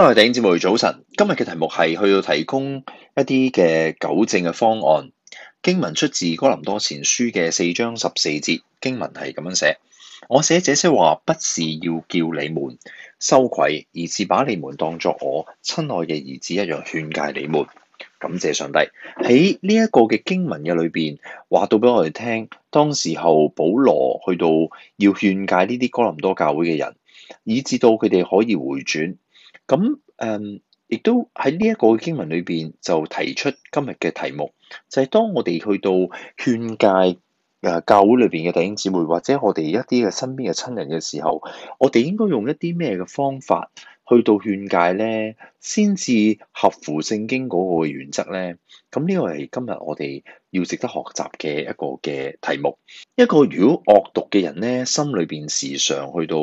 各位弟兄姊妹，早晨。今日嘅題目係去到提供一啲嘅糾正嘅方案。經文出自哥林多前書嘅四章十四節，經文係咁樣寫：我寫這些話，不是要叫你們羞愧，而是把你們當作我親愛嘅兒子一樣勸誡你們。感謝上帝。喺呢一個嘅經文嘅裏邊，話到俾我哋聽，當時候保羅去到要勸誡呢啲哥林多教會嘅人，以至到佢哋可以回轉。咁誒，亦都喺呢一個經文裏邊就提出今日嘅題目，就係當我哋去到勸戒誒教會裏邊嘅弟兄姊妹，或者我哋一啲嘅身邊嘅親人嘅時候，我哋應該用一啲咩嘅方法？去到勸戒咧，先至合乎聖經嗰個原則咧。咁呢個係今日我哋要值得學習嘅一個嘅題目。一個如果惡毒嘅人咧，心裏邊時常去到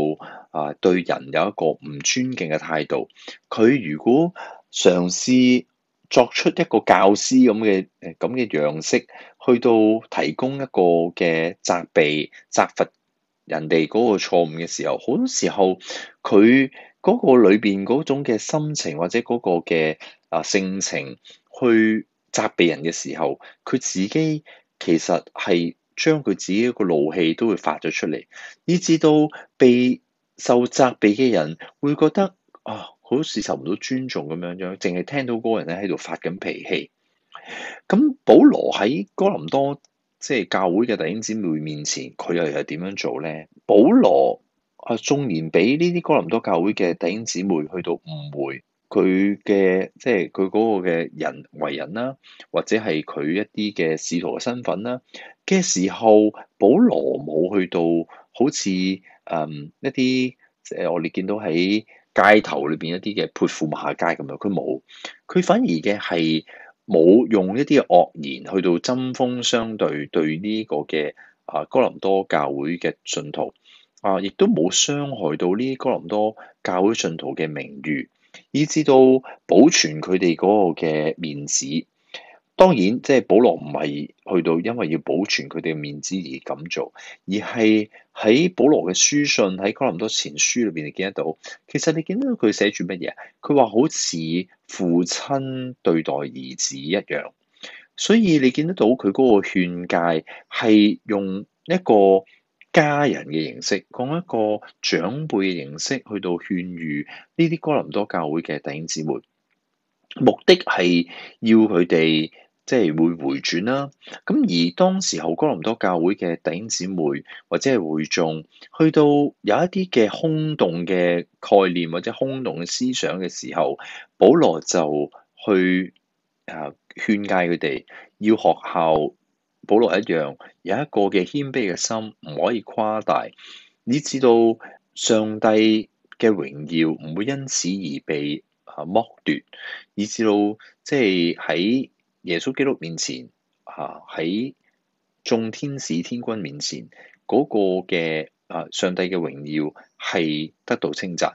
啊對人有一個唔尊敬嘅態度，佢如果嘗試作出一個教師咁嘅誒咁嘅樣式，去到提供一個嘅責備責罰人哋嗰個錯誤嘅時候，好多時候佢，嗰個裏邊嗰種嘅心情或者嗰個嘅啊性情去責備人嘅時候，佢自己其實係將佢自己個怒氣都會發咗出嚟，以至到被受責備嘅人會覺得啊，好似受唔到尊重咁樣樣，淨係聽到嗰個人咧喺度發緊脾氣。咁保羅喺哥林多即係、就是、教會嘅弟兄姊妹面前，佢又係點樣做咧？保羅。啊！縱然俾呢啲哥林多教會嘅弟兄姊妹去到誤會佢嘅，即係佢嗰個嘅人為人啦，或者係佢一啲嘅使徒嘅身份啦嘅時候，保羅冇去到好似誒、嗯、一啲誒我哋見到喺街頭裏邊一啲嘅潑婦罵街咁樣，佢冇，佢反而嘅係冇用一啲惡言去到針鋒相對對呢個嘅啊哥林多教會嘅信徒。啊！亦都冇傷害到呢啲哥林多教會信徒嘅名譽，以至到保存佢哋嗰個嘅面子。當然，即係保羅唔係去到因為要保存佢哋嘅面子而咁做，而係喺保羅嘅書信喺哥林多前書裏邊你見得到。其實你見到佢寫住乜嘢？佢話好似父親對待兒子一樣。所以你見得到佢嗰個勸戒係用一個家人嘅形式，講一個長輩嘅形式去到勸喻呢啲哥林多教會嘅弟兄姊妹，目的係要佢哋即係會回轉啦、啊。咁而當時候哥林多教會嘅弟兄姊妹或者係會眾去到有一啲嘅空洞嘅概念或者空洞嘅思想嘅時候，保羅就去啊勸誡佢哋要學校。保羅一樣有一個嘅謙卑嘅心，唔可以誇大。以至到上帝嘅榮耀唔會因此而被啊剝奪，以至到即係喺耶穌基督面前啊喺眾天使天君面前嗰，那個嘅啊上帝嘅榮耀係得到稱讚。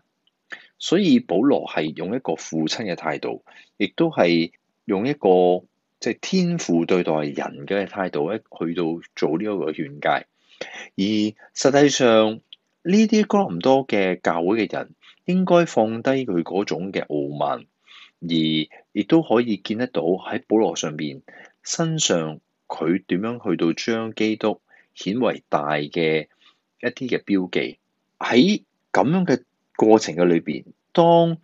所以保羅係用一個父親嘅態度，亦都係用一個。即係天父對待人嘅態度咧，去到做呢一個勸戒。而實際上，呢啲哥林多嘅教會嘅人應該放低佢嗰種嘅傲慢，而亦都可以見得到喺保羅上邊身上，佢點樣去到將基督顯為大嘅一啲嘅標記。喺咁樣嘅過程嘅裏邊，當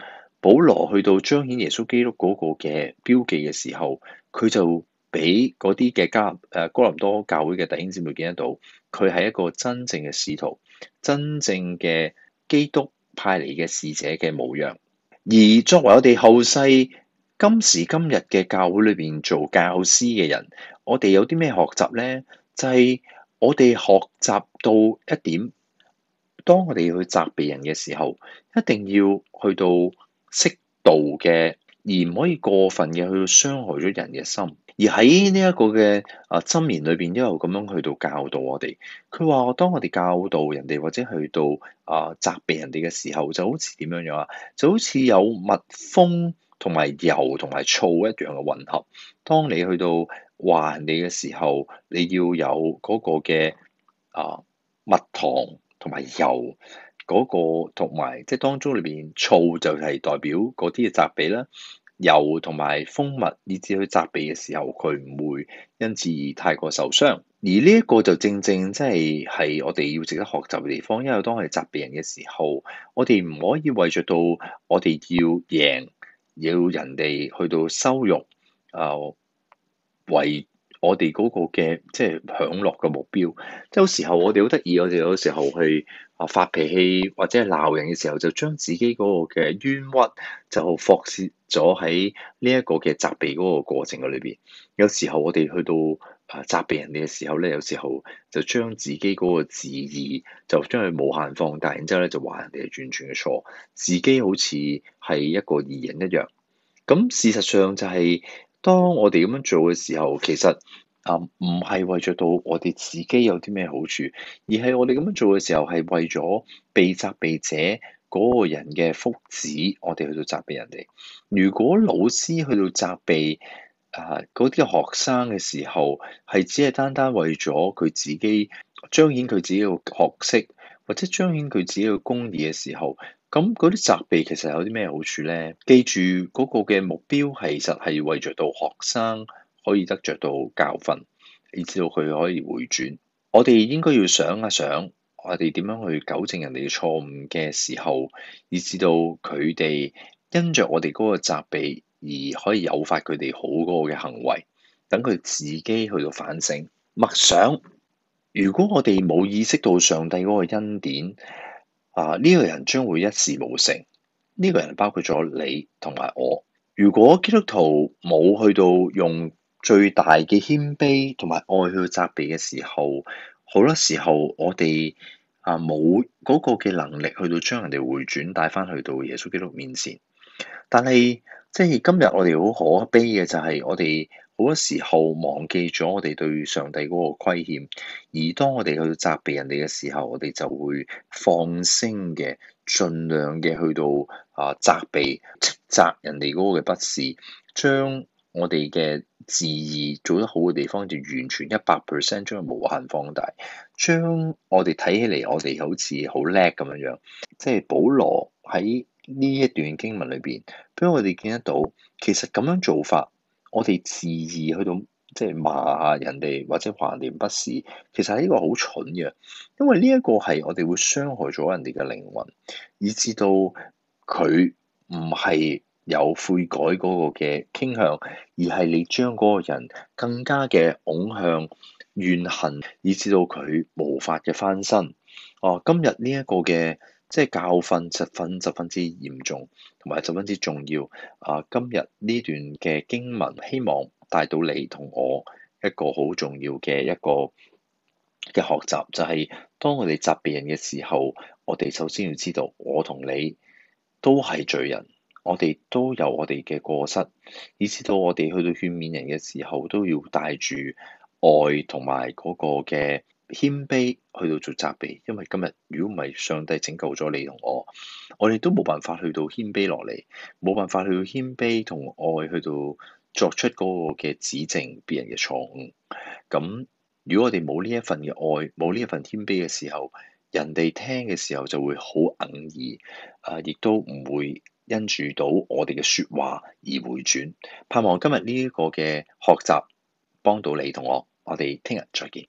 保羅去到彰顯耶穌基督嗰個嘅標記嘅時候，佢就俾嗰啲嘅加誒、呃、哥林多教會嘅弟兄姊妹見得到，佢係一個真正嘅使徒，真正嘅基督派嚟嘅使者嘅模樣。而作為我哋後世今時今日嘅教會裏邊做教師嘅人，我哋有啲咩學習咧？就係、是、我哋學習到一點，當我哋要去責備人嘅時候，一定要去到。適度嘅，而唔可以過分嘅去到傷害咗人嘅心。而喺呢一個嘅啊箴言裏邊一路咁樣去到教導我哋。佢話：當我哋教導人哋或者去到啊呃、責備人哋嘅時候，就好似點樣樣啊？就好似有蜜蜂同埋油同埋醋一樣嘅混合。當你去到話人哋嘅時候，你要有嗰個嘅啊、呃、蜜糖同埋油。嗰、那個同埋即係當中裏邊醋就係代表嗰啲嘅責備啦，油同埋蜂蜜以至去責備嘅時候，佢唔會因此而太過受傷。而呢一個就正正即係係我哋要值得學習嘅地方，因為當我哋責備人嘅時候，我哋唔可以為著到我哋要贏，要人哋去到羞辱啊，為。呃我哋嗰個嘅即係享樂嘅目標，即係有時候我哋好得意，我哋有時候去啊發脾氣或者鬧人嘅時候，就將自己嗰個嘅冤屈就放泄咗喺呢一個嘅責備嗰個過程嘅裏邊。有時候我哋去到啊責備人哋嘅時候咧，有時候就將自己嗰個自義就將佢無限放大，然之後咧就話人哋係完全嘅錯，自己好似係一個義人一樣。咁事實上就係、是。當我哋咁樣做嘅時候，其實啊，唔係為咗到我哋自己有啲咩好處，而係我哋咁樣做嘅時候係為咗被責備者嗰個人嘅福祉，我哋去到責備人哋。如果老師去到責備啊嗰啲學生嘅時候，係只係單單為咗佢自己彰顯佢自己嘅學識，或者彰顯佢自己嘅公義嘅時候。咁嗰啲責備其實有啲咩好處呢？記住嗰個嘅目標係實係為着到學生可以得着到教訓，以至到佢可以回轉。我哋應該要想一想，我哋點樣去糾正人哋嘅錯誤嘅時候，以至到佢哋因着我哋嗰個責備而可以誘發佢哋好嗰個嘅行為，等佢自己去到反省默想。如果我哋冇意識到上帝嗰個恩典。啊！呢個人將會一事無成。呢個人包括咗你同埋我。如果基督徒冇去到用最大嘅謙卑同埋愛去到責備嘅時候，好多時候我哋啊冇嗰個嘅能力去到將人哋回轉帶翻去到耶穌基督面前。但係即係今日我哋好可悲嘅就係我哋。好多時候忘記咗我哋對上帝嗰個虧欠，而當我哋去責備人哋嘅時候，我哋就會放聲嘅，儘量嘅去到啊責備、斥責人哋嗰個嘅不是，將我哋嘅自意做得好嘅地方，就完全一百 percent 將佢無限放大，將我哋睇起嚟我哋好似好叻咁樣樣。即係保羅喺呢一段經文裏邊，俾我哋見得到，其實咁樣做法。我哋自意去到即係罵人哋或者話人哋不是，其實呢個好蠢嘅，因為呢一個係我哋會傷害咗人哋嘅靈魂，以至到佢唔係有悔改嗰個嘅傾向，而係你將嗰個人更加嘅拱向怨恨，以至到佢無法嘅翻身。哦、啊，今日呢一個嘅。即係教訓十分十分之嚴重，同埋十分之重要。啊，今日呢段嘅經文，希望帶到你同我一個好重要嘅一個嘅學習，就係、是、當我哋責備人嘅時候，我哋首先要知道，我同你都係罪人，我哋都有我哋嘅過失，以至到我哋去到勸勉人嘅時候，都要帶住愛同埋嗰個嘅。謙卑去到做責備，因為今日如果唔係上帝拯救咗你同我，我哋都冇辦法去到謙卑落嚟，冇辦法去到謙卑同愛去到作出嗰個嘅指正別人嘅錯誤。咁如果我哋冇呢一份嘅愛，冇呢一份謙卑嘅時候，人哋聽嘅時候就會好哽耳，亦、啊、都唔會因住到我哋嘅説話而回轉。盼望今日呢一個嘅學習幫到你同我，我哋聽日再見。